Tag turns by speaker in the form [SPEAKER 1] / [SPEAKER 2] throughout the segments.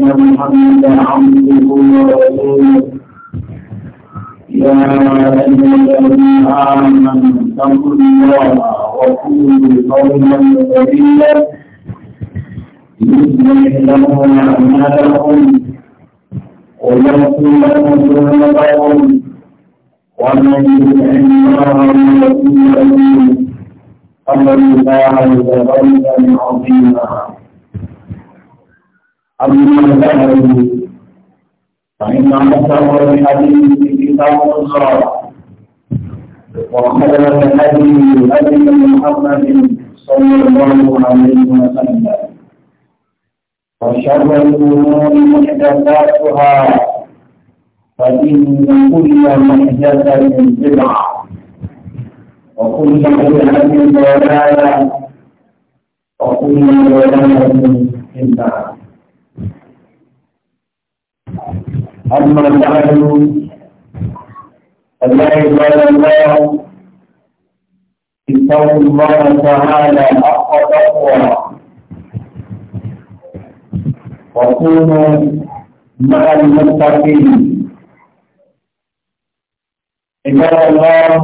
[SPEAKER 1] محمد عبده ورسوله يا أيها الذين آمنوا اتقوا الله وقولوا قولا سديدا يصلح لكم أعمالكم ويغفر لكم ذنوبكم ومن يطع الله ورسوله فقد فاز فوزا عظيما أما الذهب فإن أكثر الحديث كتاب الله وخير الهدي هدي محمد صلى الله عليه وسلم وشر الأمور محدثاتها فإن كل محدثة بدعة وكل بدعة ضلالة وكل ضلالة في النار أما بعد فلا عباد الله اتقوا الله تعالى حق تقوى وكونوا مع المتقين عباد الله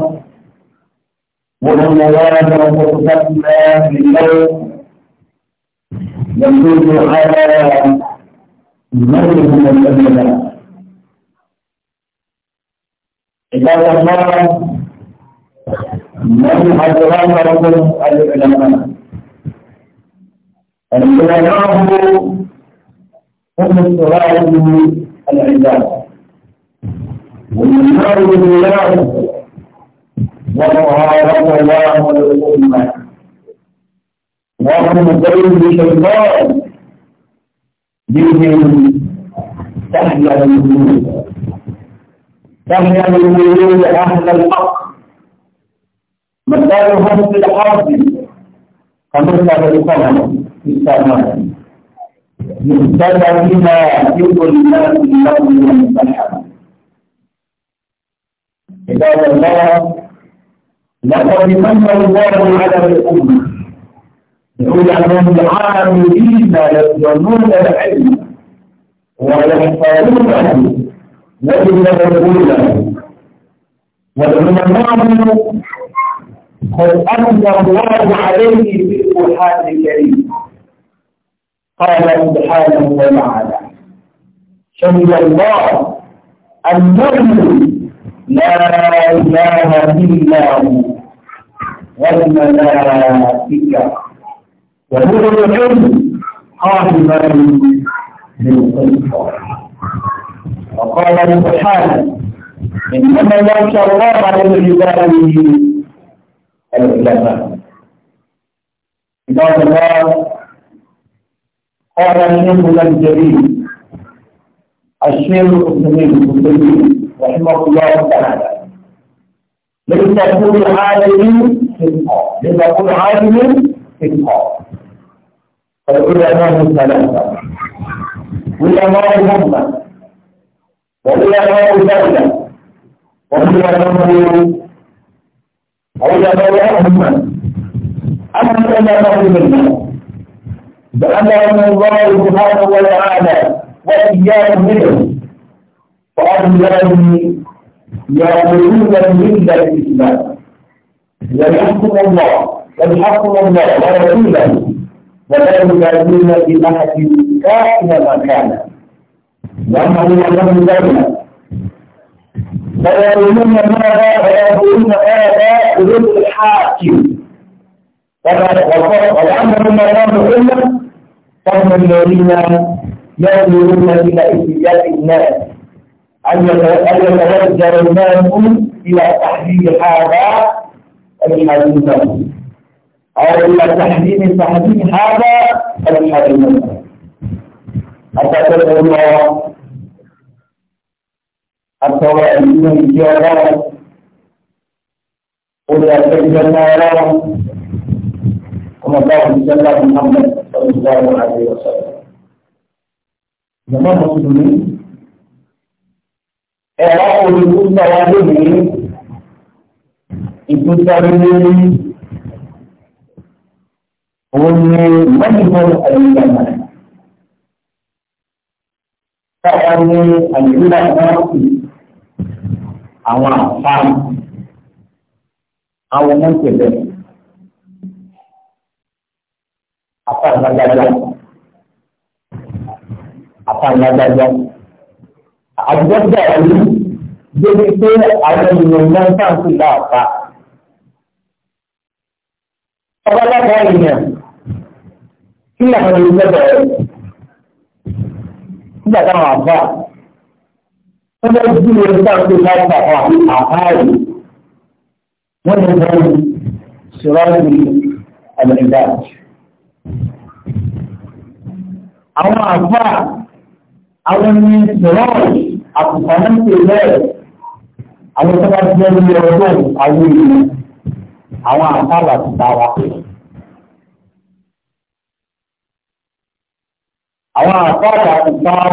[SPEAKER 1] وهم الله وصفتنا لله يكون على من من إذا لم الله من حضراتكم العلماء العلماء هم التراب العباد والنار بالله ومعارض الله والأمة وهم بين شيطان بهم تحيا الوجود تحيا الوجود أهل الحق مثالهم في الحرب فمثل القمر في السماء مبتدا بما في ظلمات اللون والسحاب عباد الله لقد من الله على الامه يقول عنهم العاملين يظنون العلم عنه لكن لا يقولونه والعلماء قد أنزل الله عليه في القرآن الكريم قال سبحانه وتعالى شهد الله النبي لا إله إلا هو والملائكة وهو العلم ما للسلطان وقال سبحانه انما يخشى الله من عباده العلماء عباد الله قال شيخنا الجليل الشيخ القسمين رحمه الله تعالى ليس كل عالم فقه ليس كل عالم فقه العلماء الثلاثة علماء الأمة وعلماء الدولة وعلماء علماء الأمة أما العلماء الملة بأمر الله سبحانه وتعالى وإياه منهم وأولئك يقولون الملة الإسلام يلحقهم الله يلحقهم الله ورسوله ولا يبالون بأحد كائن ما كان وأما هو لم يبالون فيقولون ماذا ويقولون هذا رزق الحاكم ولأنهم ما كانوا إلا فهم الذين يأمرون إلى إتجاه الناس أن يتوجه الناس إلى تحليل هذا الحديث أو تحريم تحريم هذا الحريم حتى تدعو الله حتى وأنتم الجوار قل يا سيد النار كما قال محمد صلى الله عليه وسلم جماعة المسلمين إعراق لكل واجبه لكل كنت òun ni mẹ́tìmọ́ àyíká náà. Káwa ní àyíká náà kù àwọn àfáàmù àwọn ọmọ ìpèlè àfáàmù adájọ́ àfáàmù adájọ́ àjọ bẹ̀rẹ̀ ní débi pé àwọn ènìyàn náà ń tàn sí láàpá. Ọba lábẹ́ ènìyàn. sílẹ̀ àwọn olùgbẹ́bẹ̀ rẹ̀ nígbà táwọn àbá wọ́n bá jí lè bá tó láti àwọn àbáyé wọ́n ní wọ́n ní ṣìwájú àmìlẹ́gbà. Àwọn àbá àwọn ní ṣìwájú àkùnfàní ṣe bẹ́ẹ̀ àwọn tó bá jẹ́ ní ọgbọ́n àwọn ènìyàn àwọn àbá làtúntà wa pẹ̀lú. àwọn àpáàdà ìgbà wa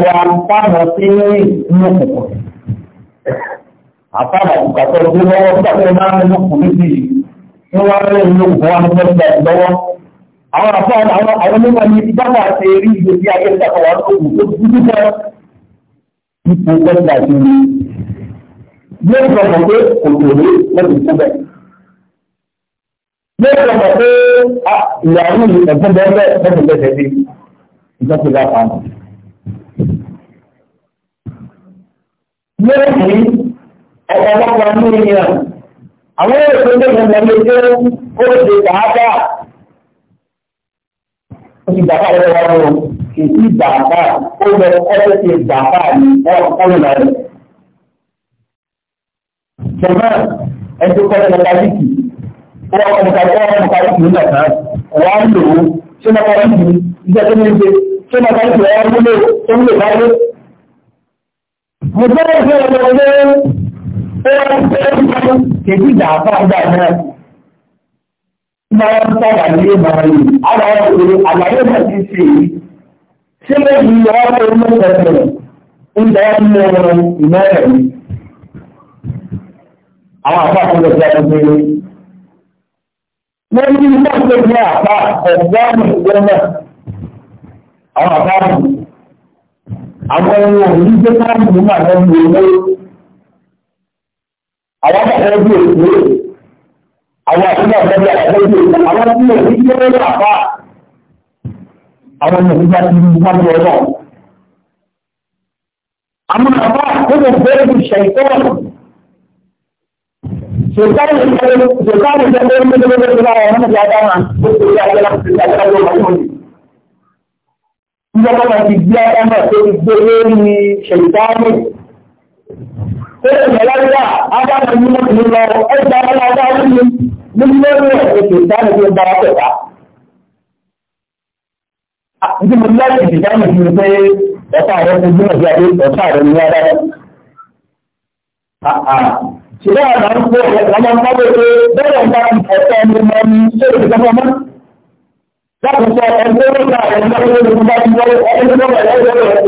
[SPEAKER 1] fáwọn tí ó rí inú òkùnkùn. àpáàdà ìgbà tó gbé lọ́wọ́ tó tẹ̀lé máa ń mú ọkùnrin sí i tí wọ́n rí inú òkùnkùn wọn ló gbẹ lọ́wọ́. àwọn àpáàdà àwọn àwọn onímọ̀ ní ti dábàá ṣe rí ìgbésí ayé ìdàkọ̀ wọn tó kù tó dúdú lọ. ipò gbẹ́sà ti rí yóò sọ mọ̀ pé kò tòlé lọ́dún tó bẹ̀. yóò sọ mọ̀ pé ìyàwó ìgbẹ̀gbẹ̀ bẹ́ẹ̀ ìjọ́sìn bá pa mọ́. Lóòjì ọ̀pọ̀lọpọ̀ ní ènìyàn, àwọn èèyàn tó ń bẹ̀rẹ̀ lọ sí ó ṣe kàákà. Ó ti dàpá lọ́wọ́ wọn o, kì í sí dàpá, ó lọ ọ́sẹ̀ ti dàpá ní ọ̀pọ̀lọpọ̀ rẹ̀. Jọ̀mọ́ ẹni tó kọ́ ẹ̀ lọ́ta líkì, ó wà kọ́ ọmọ kàkọ́ ọmọ kàkọ́ ìlú nàkà, wà á ṣé máa bára jù ìjà tó ní ṣe ṣé máa bára jù ọ̀rọ̀ múlò tó ń lè bá lé. mo gbọ́dọ̀ fún ọmọ ọdẹ ó wá ń fẹ́ ẹ́ kèjì ìjà àbá àgbà náà. máa ń sábà nílé máa lè ara ọ̀rọ̀ àlàyé náà ti ṣe èyí. ṣé lẹ́yìn ìyàwó ọmọ ọ̀rọ̀ ń dáwọ́ nínú ìmọ̀ ẹ̀rí. àwọn àbá àkọlẹ̀ ti wọ́n ní mọ́tò ní àpá ọ̀gbọ́n ìgbọ́nà àwọn àpá àwọn ohun òní tó máa ń mú màá lọ́nà owó àwọn àpapọ̀ ojú òkú àwọn àpapọ̀ àpapọ̀ àpapọ̀ ojú òkú àwọn tí ó ní tó lọ́nà àpá àwọn ohun òní bá ti mú màá lọ́nà àwọn àpá tó lè fẹ́ẹ́ ṣe ìtọ́wọ́n Shekaru shekaru da ɗaya mun zama da ba ya mana ya dama ko ko ya ga ya ga ko ma ko. Ina ba ki biya da ma ko da ni shaytani. Ko da lalla aba da ni mun ne ba ai da Allah da ni mun ne ne ko shaytani ko ba ta ba. Ndi mun ya ki da ni ne sai ta ta ran ni ya da ta ran ya da. A'a ṣùgbọ́n àgbà ń gbọ́ ọ̀pọ̀lọpọ̀ ọmọ pé bẹ́ẹ̀ bá ń ọ̀tọ̀ ẹni mọ ní ṣéèkì kankan mọ́. Lákòókò ẹgbẹ́ nípa ẹgbẹ́ olóògùn bá ti wọlé ọdún tó bẹ̀rẹ̀ lọ́wọ́ rẹ̀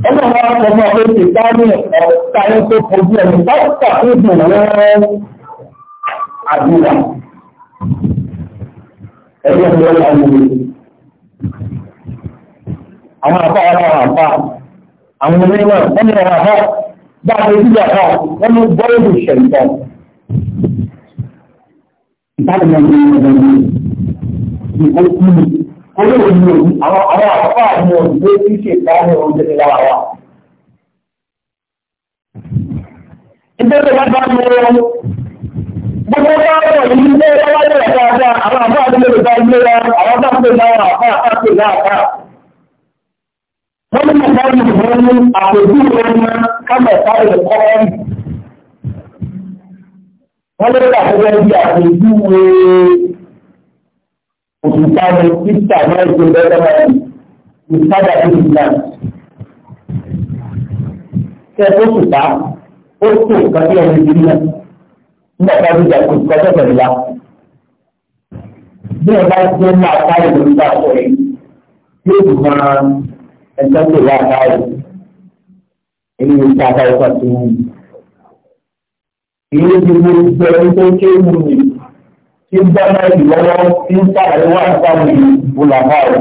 [SPEAKER 2] pé ọmọ wa sọ fún ọdún
[SPEAKER 1] tí bá ní ọ̀tá ẹni tó kojú ẹni bá tà fún ìdùn rẹ̀ àdúrà.
[SPEAKER 2] Ẹgbẹ́ mi lọ́wọ́ àwọn
[SPEAKER 1] olè. Àwọn àbá àwọn àbá àwọn onímọ̀ wọ́n ní àwọn àbá bá a lè sílẹ̀ ló gbọ́ èdè ṣẹ̀ǹtọ̀. Ìtàlùmọ̀ ní ọ̀dọ̀ ní ìkó kú mi. Olóòwò ni òbí àwọn àwọn àkọ́kọ́ àwọn òbí tí ṣe ìtàlùmọ̀ oúnjẹ ní lára wa. Ìgbésẹ̀ bá bá mi rọ gbogbo bá wọ̀ ilé ẹ̀rọ ẹ̀ka ọ̀gá àwọn àbá àdúgbò ìgbà ilé àwọn bá pè náà àbá àbá pè náà wọ́n ní mọ̀sáàlì ìwọ̀n ní àpòjú ọmọ kámẹ̀ sáré kọ́kọ́ rí wọ́n lè rà fún ẹbí àpòjú òṣìṣà ní títà náà ṣe lọ́dọ̀ náà ní sábà tó ti náà. Ṣé ó sì ta ó tó nǹkan tí ẹni ti náà nígbà tá ti jà kó nǹkan tó Bí ẹ bá ti ń máa sáré lórí bá a sọ yìí, yóò máa ẹ̀ka tó wà báyìí èyí ló ta báyìí wà tó wù. Èyí ló ti mú ìgbẹ́ ẹni tó ké wù mí tí ń bá náà ìlọ́wọ́ tí ń bá àríwá àbáwọ̀ yìí bùlà báwọ̀.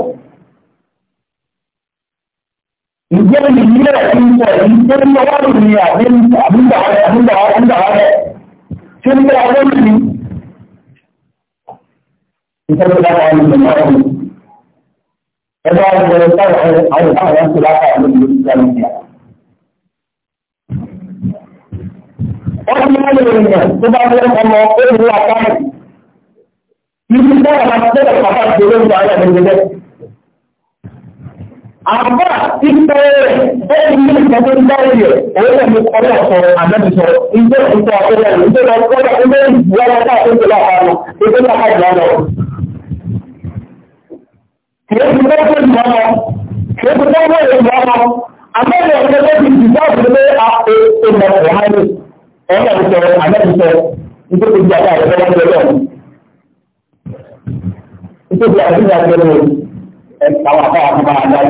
[SPEAKER 1] Ìgbẹ́ mi ní ẹ̀ ń sọ èyí tó ń lọ́wọ́ mi àbí àbúgbà rẹ̀ àbúgbà àbúgbà rẹ̀ tí ń bá ọwọ́ mi. Ìfẹ́ tó dára ọ̀rọ̀ ìgbà náà ẹgbẹ́ àwọn ìgbẹ́rẹ́ táwọn àwọn ìbáwọn ẹ̀sùn látàrí lórí lórí ìjà lórí ìjà. wọ́n ti wọ́n lè yàn tó bá fẹ́ ọmọ olùwà àkáyì. ibi táwọn máa tẹ́lẹ̀ pàpà tó lórí àwọn ẹ̀mí lẹ́. àbá ti bẹ̀rẹ̀ bẹ́ẹ̀ ni ìgbà tó ń dárí òun náà ni kọ́lé ọ̀sọ̀ àmẹ́bìsọ̀ ìgbẹ́ ìgbà tó ń dárí rẹ̀ ìgbẹ́ ìgbà tó ń dárí rẹ̀ ìgbẹ́ ìgbà tó ń kìí fi lọ́pọ̀ ìlú ọmọ kìí fi lọ́pọ̀ ìlú ọmọ amẹ́rin ọ̀gbẹ́ tó ti dìbò àbúrò àpò ìmọ̀ ọ̀hánì ẹ̀yìn àbùsọ̀ àmẹ́bùsọ̀ nítorí ìjà àti àbẹ̀rẹ̀ wọn lọ́wọ́ nítorí àti ìjà àti ẹ̀rọ àwọn àbá àbúrò àdáyé.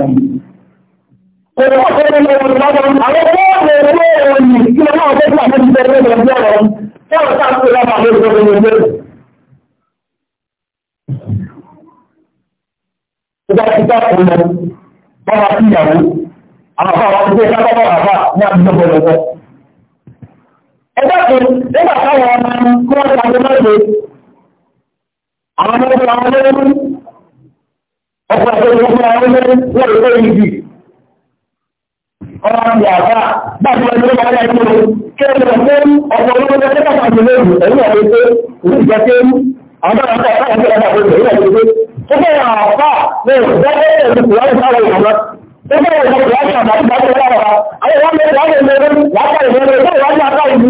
[SPEAKER 2] Kòtò wọ́n fẹ́ẹ́ lọ́wọ́ lọ́wọ́ àwọn bọ́ọ̀lù ẹ̀rọ ẹ̀rọ yìí kí wọ́n náà
[SPEAKER 1] fẹ́ẹ́ bá ti dá kan lọ báwa sí ìyàwó àwọn àwọn ọmọdé ká bá wà bá ní àdúgbò bọ̀lọ̀bọ̀. ẹ dákun nígbà táwọn ọmọ kí wọ́n ta ló lọ́dẹ àwọn ọmọdé àwọn olóyún ọkọ̀ àtẹ̀wé fún àwọn olóyún wọ́n lè lóyún jù. ọmọ àmì àbá bá ti wọn lórí ọmọdé àti olóyún kí wọ́n lọ fún ọkọ̀ olóyún tó kọ́ àti olóyún ẹ̀yìn àti ẹ̀yìn àti ẹ̀yìn àwọn ọmọdé àti ẹ̀yìn àti ẹ̀yìn Gbogbo àwọn àpá ní ìgbẹ́gbẹ́ ìlú ìwọ́n ìfọwọ́ ìwọ́n. Gbogbo àwọn ìwọ́n ìwọ́n àti ìgbàgbọ́ lára wa. Àwọn ìwọ́n mẹ́rin láti ẹ̀mẹ́ lórí látà ìwọ́n lórí ìwọ́n ní apá ìlú.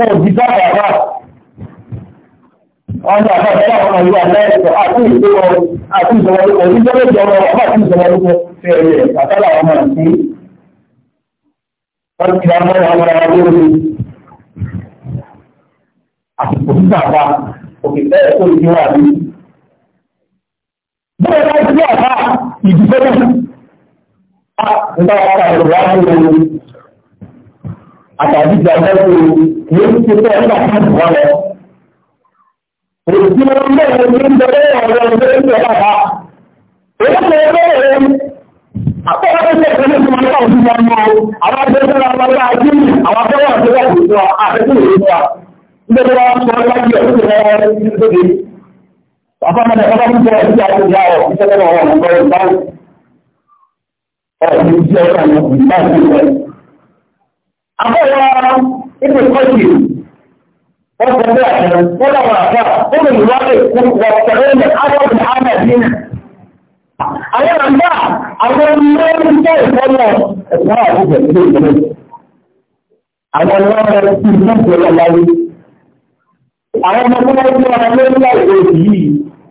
[SPEAKER 1] Ẹ ò jí dára àbá. Wọ́n ní àbá ìfẹ́ àwọn ìlú àmẹ́rìkọ àti ìṣòro àti ìṣòro òṣìṣẹ́ méjì ọmọ àbá àti ìṣòro orúkọ fi ẹ̀yẹ àtàlà ọmọ àti wọ́n ti ra mọ́ra wọn ara lórí àsìkò nígbà wa òkè bẹ́ẹ̀ kó ìdíwà mi bóyá bá ti ọ̀pá ìdìbò náà nígbà wọn kà ló wá ní ewu àtàbí ìjà mẹ́rin ewu ní ewu ti tẹ́ nígbà tí wọ́n lọ. Òsì wọn bẹ̀rẹ̀ ní ìjọba ọ̀rọ̀ ọ̀rọ̀ ìjọba ọ̀pá. Èyí ti ń bẹ̀rẹ̀ àkọ́kọ́ tó ṣe ìpínlẹ̀ tí wọ́n ní káwọn fífọ́ mọ́ àwọn akẹ́kọ̀ọ́ náà wọ́n bá jí àwọn akẹ́kọ̀ọ́ àti wọ́n kò sọ àtẹ́kùn ìlú wa. Nígbà tí wọ́n sọ ọ́ lájú ẹ̀ Apa mana orang tua dia jauh, kita kan orang tua tahu. Orang dia kan tahu. Apa yang itu kecil? Orang tua kan, orang apa? Orang luar itu orang apa berada di mana? Ayah anda, awak luar itu orang apa? Tahu tak? Awak luar itu orang lain àwọn ọmọ tó wọ́n tó wọn lórí láìpẹ́ òsì yìí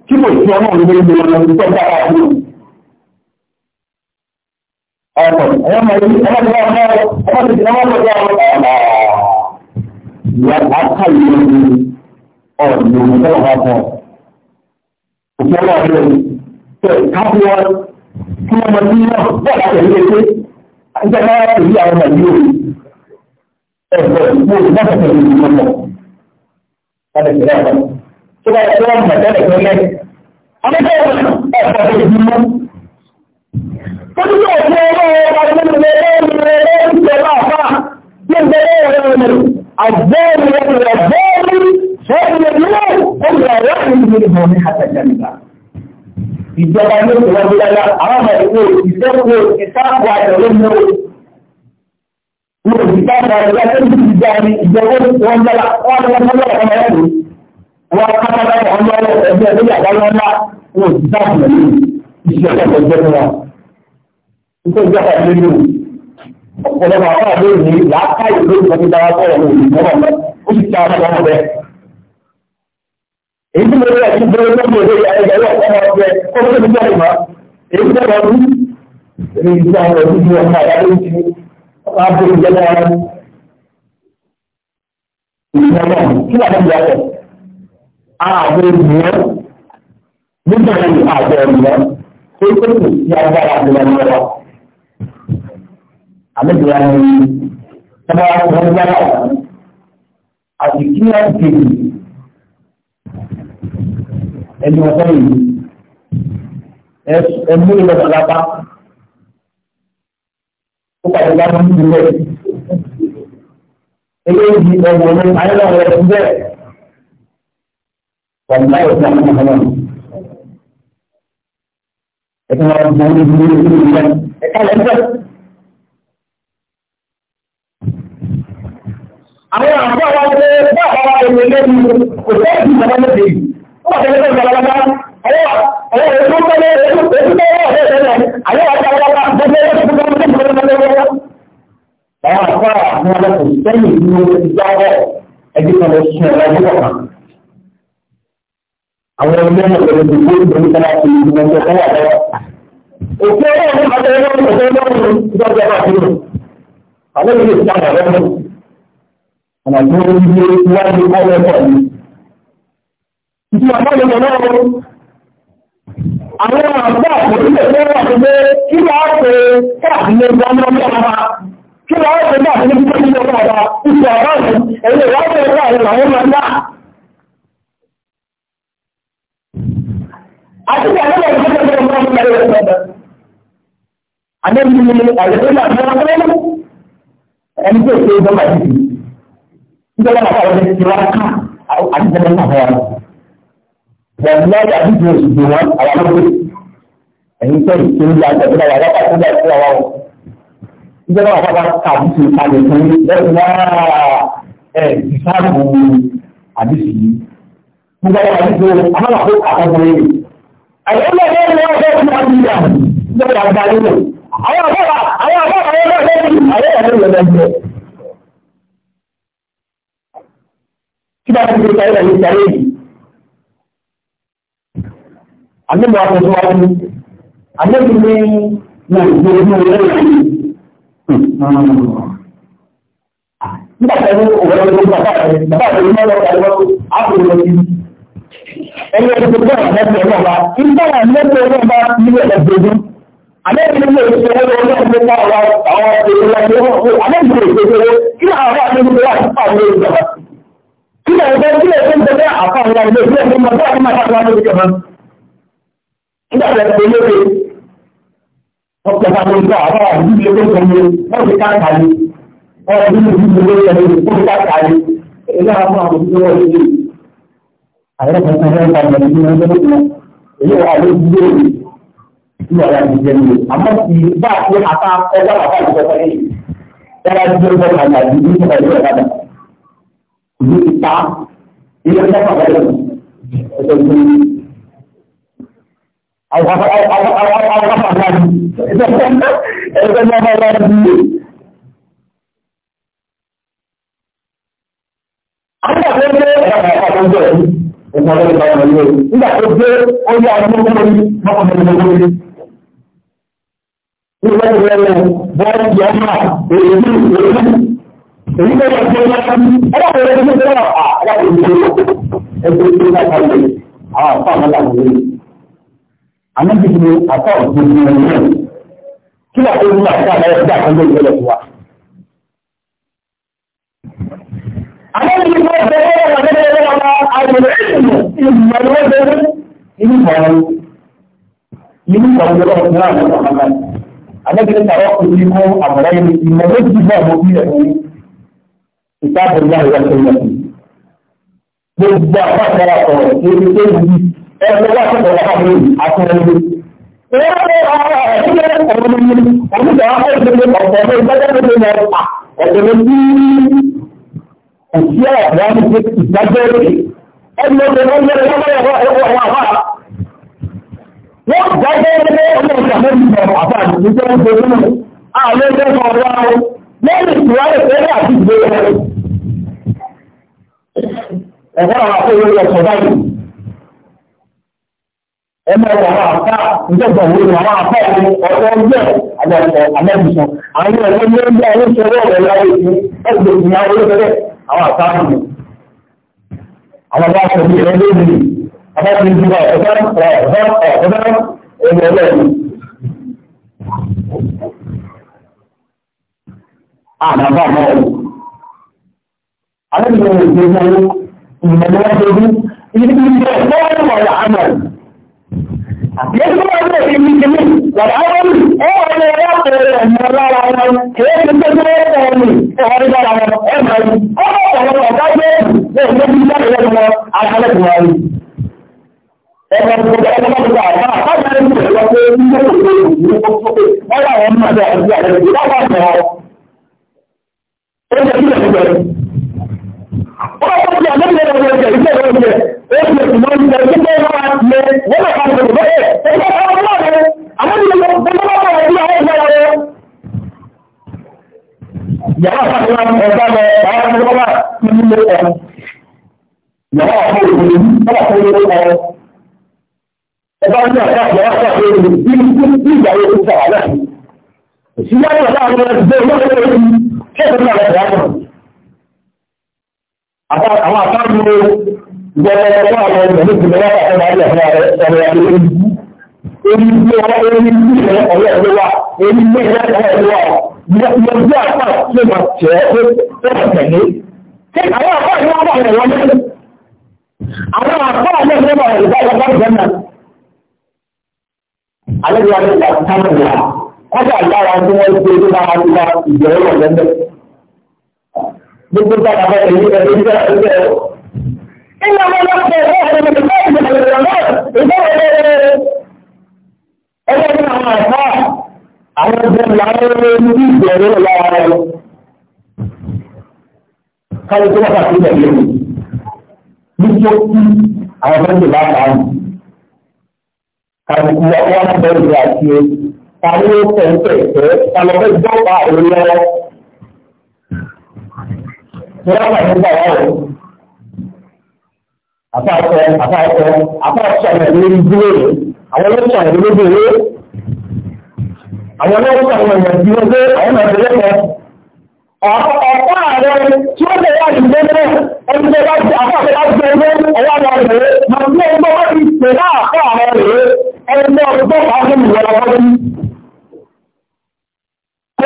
[SPEAKER 1] tí kò sí ọmọ òun lórí wọn lórí tó dára sí i. ọ̀pọ̀ ẹ̀yọ́ mọ̀ ní ọmọ tó wọ́n lọ́wọ́ ọmọ tó wọ́n lọ́wọ́ tó wọ́n lọ́wọ́ ìyá àká ìlú ní ọ̀dùn òun tó wọ́n bá fọ́. òfin ọlọ́run lórí tó káfí wọn kí wọ́n mọ sí náà bọ́ọ̀ láti ẹ̀rí ẹ̀ṣẹ́ ìjọba ẹ̀rí àwọn wọn lè fi náà wọn. tó ìjọba ní ìwọ́n bí dáadáa àwọn ọmọ ìwé ìṣẹ́kù ìṣàkóso àjọ Mo ti bá ba ẹ̀rọ ẹ̀rọ ti gba ni ìjọba wọn lọ́la wọn lọ́la wọn lọ́la wọn lọ́la wọn kápá lọ́la wọn lọ́la ẹgbẹ́ ẹgbẹ́ yàrá lọ́la wọn ti bá ba ẹ̀rọ ìṣẹ̀lẹ̀ ọ̀gbẹ́ ni wọn. Nítorí ìjọba ìlú ni ọ̀pọ̀lọpọ̀ àwọn àbẹ̀ òní làákà ìlú ìfọ̀tí dára sọ̀rọ̀ òní mọ́wọ́ mọ́ ó sì ta ọmọ ọmọ bẹ́ẹ̀. Èyí tí mo rí ẹ̀sìn bẹ́ẹ̀ lọ́gbọ̀n ìwé ẹgbẹ̀rún ọ̀pọ̀ ọmọ ọ̀pẹ kọ́kọ́ tó ti bẹ́ẹ̀ mọ́ èyí tí wọ́n rú èyí tí wọ́n rú wọ́n á bó ti jẹ́mọ́ wọn. Ìgbà náà kí wàá bẹ̀rẹ̀ yàtọ̀? Ààbò ènìyàn nígbà yìí ààbò ènìyàn tó tó kù sí agbára àgbẹ̀rẹ̀ lọ́wọ́. Àlejò ni sábà wọn yára ọ̀hún. Àti kí wọ́n kéde ẹni ọ̀sán yìí ẹmú ìlọ́sọ̀lápá ó pàdé láti ní ìlú rẹ̀. eléyìí ọ̀wọ̀ ni ayélujára rẹ̀ ti bẹ́ẹ̀. wàlúwà yóò fún àwọn ọmọ náà. ẹ̀ka wọn bọ̀ ní ìlú rẹ̀ ìlú rẹ̀ ẹ̀ka rẹ̀ bẹ́ẹ̀. àwọn àbúrò àwọn ọmọ ẹgbẹ́ àwọn ọmọ ẹgbẹ́ kò tẹ́lẹ̀ sí ìjọba lóde yìí. ó wà tẹ́lẹ̀ sí ìjọba lọ́wọ́ Àwọn àpá àwọn ọlọ́pàá ìsẹ́yìn ní orí ìjábọ̀ ẹgbẹ́ kan lọ sí ọ̀rọ̀ ọdún kọ̀ọ̀kan. Àwọn ọmọ ọmọ ìlú ti gbé ìgbésí kan láti ìlú ọjọ́ kan wà lọ́wọ́. Òkè ọwọ́ ní ọjọ́ ẹgbẹ́ ọmọ ìlú ọjọ́ ọmọ ìjọba àti ìlú. Àwọn ìlú ti sábà lọ́wọ́. Àwọn àgbọ̀n ní ilé wájú kọ́ lọ́kọ̀ọ́ àwọn àgbà àpòtílẹ̀ tó wà pé kí lọ pé káàkiri gbọmọdé ọba kí lọ pé káàkiri gbọmọdé ọba ìṣẹ́ ọ̀rọ̀ ẹ̀yẹ ìwádìí ọba àwọn àwọn ọmọ náà. àti bí àwọn ọmọ ìgbésẹ̀ tó ń bọ́ ọmọ ẹ̀yẹ ọ̀dọ́. àdébí ni àgbẹ̀dẹ́ náà fẹ́ wọn lọ́wọ́ ẹni tó ṣe ìjọba yìí. ìjọba náà fọwọ́ wọ́n láyé àdúgbò ìdè wọn àwọn ọmọdé ẹ̀yin tẹ́ ìṣe ńlá ìjọba wà lápá tó bá ìṣe àwọn ọmọ ìjọba wà lápá kàdúgbò ìkàlẹ̀ fún lẹ́yìn náà ẹ̀ ìsáàbù àdìsí yìí. mo gbọ́dọ̀ wà nígbò àwọn àpò àkọ́kọ́rẹ́ rẹ̀. àyẹ̀wò náà ló ń wá ọjọ́ ìṣúná ti yà ìjọba àgbà nínú. àwọn àbọ̀wà àwọn àbọ̀wà àwọn náà àwọn ẹ̀rọ àdébò àtẹ̀síwájú àdébò ní mo ìgbé ojú ọ̀rẹ́ rẹ̀ nígbà tí ẹni òwúrọ̀ ló ń bàbá rẹ̀ bàbá rẹ̀ ló ń lọ ọ̀rọ̀ àbúrò lọ sí ẹni ẹni tó bẹ̀rẹ̀ lẹ́sẹ̀ náà wá nígbà náà lẹ́sẹ̀ náà bá nílé ẹ̀dọ́dún àdébò ní ìṣe owó ọlọ́run tó bá wa àwọn èèyàn ẹni ọ̀hún àdébò ní ìṣe owó kí àwọn àdébò wà nípa àwọn ìjọba kí lẹ́yìn tó ń bẹ̀rẹ̀ àfáwọn ilé ìgbẹ́ nígbà tí lóde ọ̀pọ̀ àwọn ìgbà àwọn àwọn ìdílé tó sọ ní wọ́n ti ká kàlí wọ́n ti ní ìdílé tó sọ ní wọ́n ti ká kàlí ilé àwọn àwọn ìdílé wọ́n ti lè àwọn ọ̀pọ̀ sọ fẹ́ẹ́ pàmò ní wọ́n tó lọ èyí wà ló dúró ní ọ̀la ìdílé mi àmọ́ ti bá a ti àká ọjọ́ àbá ìjọba sọ́kẹ́ yìí yàrá ìdílé tó sọ kàlí àti ìdílé tó sọ kàlí ìdílé ta ilé tó sọ kàlí Àwọn àpá àmàlà àwọn ìlú àmọ́jìdìmọ̀ àtọ́ ìgbìmọ̀ ìlú kí ló àti ìlú àti àlọ́ ẹ̀dá kan lórí ẹ̀rọ wa. àmọ́jìdìmọ̀ bẹ̀rẹ̀ wà lẹ́gbẹ̀rẹ̀ wà lọ àìmọ̀lẹ́ ìmọ̀ ìmọ̀lẹ́ bẹ̀rẹ̀ inú kọ̀ọ̀rọ̀ inú kọ̀ọ̀rọ̀ lọ́wọ́ fún àwọn ọmọ ọmọ àmọ́jìdìmọ̀ tàwọn kò ní kó àmọ̀lẹ́ ìmọ̀lẹ́ ti bá ọmọ bí ẹ̀rọ ìtàbùrù láì wá sí ọmọ ẹ̀rọ wà tó wà fún mi àtúnyẹ̀wò. Ìyá rẹ̀ ọ̀rọ̀ ẹ̀dínkẹ́ ọ̀rọ̀ mi oníjà wà fún mi ọ̀pọ̀ ọ̀pọ̀ àwọn ẹgbẹ́ kan wá o lẹ́yìn ìwádìí pẹ̀lú àti ìgbéyàwó. Ẹ̀gbọ́n àwọn akóyọ ẹmọ ẹwà àwọn àpá ìjọba òun ni àwọn àpá ìlú ọ̀dọ́ ọjọ́ àgbàpọ̀ amẹ́bùsùn àwọn ẹ̀rọ ní ọjọ́ oníṣòwò ọ̀rọ̀ láyé ní ẹgbẹ́ ìyá olóbẹ̀rẹ̀ àwọn àpá ìlú. àwọn ah, bá sọ bí ẹgbẹ́ ìlú àbá ti ń dúró ọ̀dọ́ ọ̀dọ́ ọ̀dọ́ ẹgbẹ́ ọlọ́ọ̀ni. àbàbà náà alẹ́ ìgbẹ́ ìgbẹ́ ìgbẹ́ ìgbẹ́ ìgbẹ́ Yẹ́n tó wọ́n lè fi níbi ní wọn ó wọ́n lè wá ẹ̀mọ́ lára wọn, kìí ṣe tó tó wọ́n lè ní lára wọn, ẹ̀mọ́ yìí. Ó wọ́n pẹ̀lú ọ̀gá gbé ẹ̀mọ́ bí jáde lẹ́nu wọn, alẹ́ tó wọ́n rí. Ẹ̀mọ́ tó wà náà, bá jẹ́ ní ìlú ọ̀pọ̀ ní ọ̀pọ̀ ní wà Àwọn àtàrí ìjọba ọjọ́ àwọn ìgbẹ̀lú ìgbẹ̀lú àwọn àtàrí àwọn àtàrí orí ilé ọwọ́ orí ilé ọ̀rẹ́ ẹ̀rọ wa orí ilé ọ̀rẹ́ ẹ̀rọ wa yọjú àpá tí ó máa tẹ̀ ẹ́ pé ó tẹ̀lé.
[SPEAKER 2] ṣé àwọn àpá ìlú ọmọ rẹ̀ wọ́n lé? àwọn àpá ìlú ọmọ rẹ̀ wọ́n lé bá wọn bá jẹ́ náà. alẹ́ bí wọ́n ti ta tábìlì kọ́sà lára tí wọ́n ṣe ní máa ti máa
[SPEAKER 1] ìjọ ọ̀rọ̀ lẹ́lẹ̀. Gbogbo táwọn abẹ́rẹ́ yìí ẹ̀rọ ìjọ ìjọ ẹ̀rọ. Ilé ọmọ ọlọ́pàá ẹ̀rọ ẹ̀rọ ìjọ ìjọ ìjọ ìjọ náà ìjọ ìjọ ìjọ ẹgbẹ́ ní àwọn àṣà àwọn ọjọ́ ìlànà ní ìjọ ẹ̀rọ lára rẹ̀. Káyọ̀ tó wọ́pàá sí ìbẹ̀rẹ̀ yìí. Nítorí àwọn ọmọ ìjọba àtàwọn. Kàbùkù wọn bẹ̀rẹ̀ àti tàbí ó tẹ̀ǹtẹ̀ ìfẹ́ tàbí ìjọba òun lọ́wọ́. Wọ́n wà nígbà wà ó. Àfáàfẹ́ àfáàfẹ́ àfáàfẹ́ ọ̀nà lórí dúró rẹ̀. Àwọn ọlọ́sọ̀ ọ̀nà lórí dúró rẹ̀. Àwọn ọlọ́sọ̀ ọ̀nà lórí dúró rẹ̀. Àwọn ọ̀nà lórí dúró rẹ̀. Ọ̀pá ààrẹ tí ó lè wá ìgbẹ́ náà, ẹni tó bá ti àfáàfẹ́ bá jẹ ẹgbẹ́ ọwọ́ àwọn ọ̀rẹ́ rẹ̀, màá ní ẹgbẹ́ wọ́n ti pè náà àfáà rẹ̀ rẹ̀, ẹni tó ọdún tó bá ń mú ìwọ̀n ọdún kọ́nà àwọn ọ̀pọ̀lọpọ̀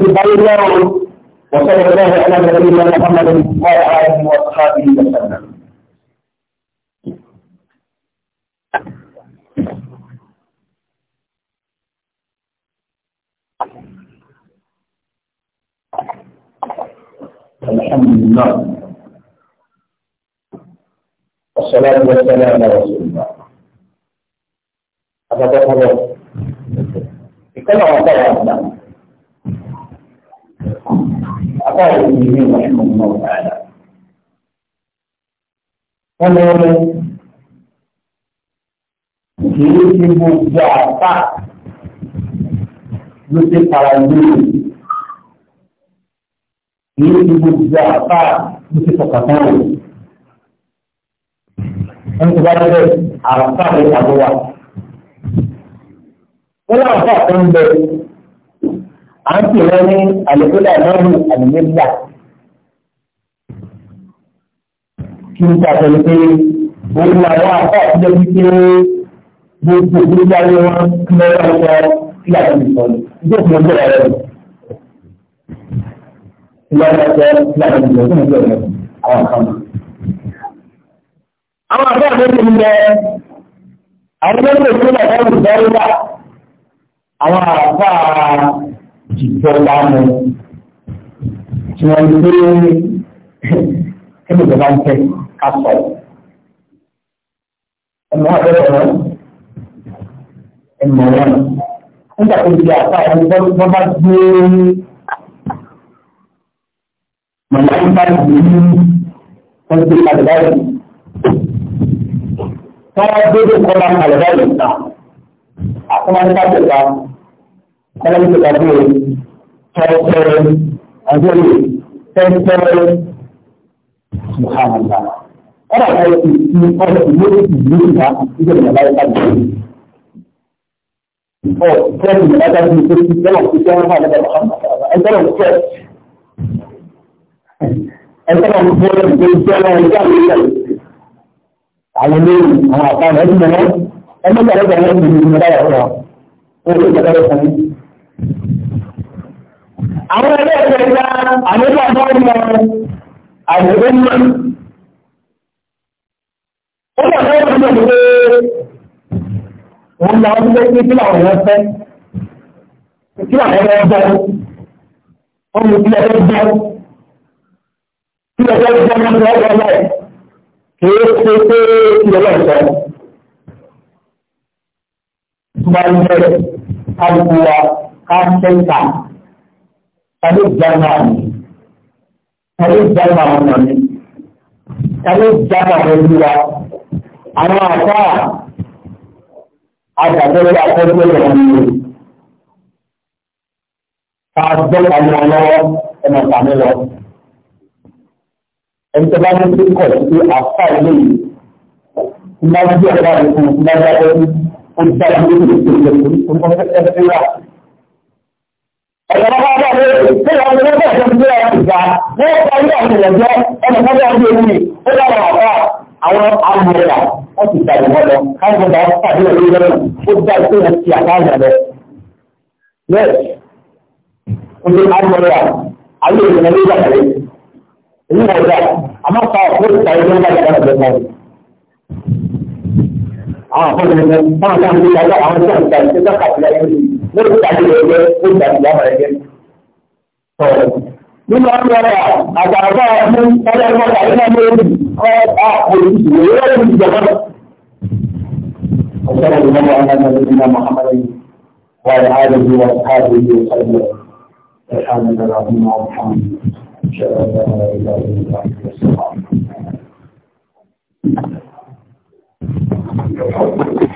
[SPEAKER 1] ti bá lórí ọ̀run وصلى الله على نبينا محمد وعلى اله وصحبه وسلم الحمد لله والصلاة والسلام على رسول الله هذا بطل كما وقع قال ابن تيمية رحمه الله تعالى قال kìí ṣe gbogbo àpá ló ti fara lóore kìí ṣe gbogbo àpá ló ti fọkàn tán rẹ̀ wọ́n ti bá dẹ́gbẹ́ àràpá rẹ̀ tàbí wọ́n láwọn fún àtọ́ ń bẹ à ń pè wọ́n ní àlùkòlà lọ́rùn àlùmílà. kí n sàtẹ̀lẹ̀ pé òun làwọn apá àtijọ́ wípé gbogbo ìgbésí ayé wọn kí wọ́n lọ́wọ́ sọ kí àwọn ìsọ̀ ní ìjọ ìfún ọjọ́ rẹ̀ rẹ̀. ìlànà sọ kí àwọn ìsọ̀ ní ìjọ rẹ̀ àwọn kan. àwọn àbá àbẹ́lẹ̀ ń bẹ àwọn ẹgbẹ́ ìgbésí ayé wọn kí wọ́n lọ́wọ́ sọ àwọn àbá ìjọba mu tí wọ́n ń gbé ẹni ń tẹ ká sọ. ẹnu wà lọ́wọ́ wọn nígbà tó di àpá ẹni wọ́n bá gbé mọ̀lẹ́bí bá gbé ní wọ́n gbé kalẹ̀ Tọ́wọ́ gbé kọ́lá kalẹ̀ báyìí ta, àkọ́mọ́ nípa tẹ̀ka kọ́lọ́mù tó kàbí o tọ́tọ́rọ àjọyọ̀ tọ́tọ́rọ muhammadu ọ̀rọ̀ àwọn ìlú ọ̀rọ̀ ìlú ìlú ìlú ìjọba ìjọba ìjọba ìjọba ọ̀ tẹ́lẹ̀ ìjọba ìjọba ìjọba ìjọba ìjọba ìjọba ìjọba ìjọba ìjọba ẹgbẹ́ wọn fún ẹgbẹ́ ìjọba ìjọba ìjọba ìjọba àwọn olóyìn àwọn àpá ẹgbẹ́ wọn ẹgbẹ́ wọn ẹgbẹ́ wọn ẹgbẹ́ wọn ẹgbẹ́ wọn ẹgbẹ́ wọn àwọn ẹgbẹ́ ìgbẹ́ta àmúgbà mọ́rùn-ún àwòrán mọ́ ó bọ̀ lọ́wọ́ mọ́ pé wọ́n lọ sí pé kí làwọn èèyàn fẹ́ kí làwọn èèyàn bọ́ wọ́n mú kí ẹgbẹ́ bọ́ kí ẹgbẹ́ bọ́ mọ́ sí ọgbọ́n láì kí ó ṣe pé kí ẹgbẹ́ sọ Gbàgbé àgùwà kápẹ́ńtà tàbí jábà mi tàbí jábà ọmọ mi tàbí jábà ọmọ wa àwọn àṣà àgbàdéwé akọ́jú ẹ̀rọ mi rè ká dọ́gba mi lọ́wọ́ ẹ̀nà tàmí lọ. ẹni tó bá ní kí kọ̀ sí àṣà ilé yìí ìlànà bí ọ̀gá rẹ̀ fún ìlànà ẹni ó dájú lórí ìpínlẹ̀ ìpínlẹ̀ ìpínlẹ̀ ìpínlẹ̀ ọ̀pọ̀lọpọ̀ àwọn amúrẹ̀là wọ́n ti gbà ìwọ́n lọ káwọn bá pàdé ọ̀rẹ́ lọ́nà ó dá ìpé wọn ti àpá ìyà lọ. bẹ́ẹ̀ ó ní amúrẹ̀là ayé ìrìnà ló gbà kàlẹ́ èyí wọ̀ dà àmọ́ lórí ìtàgé ẹgbẹ́ ó gbà ìyá àbàrẹ jẹ. nínú ọ̀rọ̀ àgbààgbà ọdún ọlọ́run ọ̀gá iná ló ń kọ́ àpò ìṣòro ìwé lórí ìjọba. ọ̀sán ìlú ọmọ ọmọ ọmọ ìlú ọmọ ọmọ وعلى آله وأصحابه وسلم سبحانك اللهم وبحمدك أشهد أن لا إله إلا أنت أستغفرك Thank you.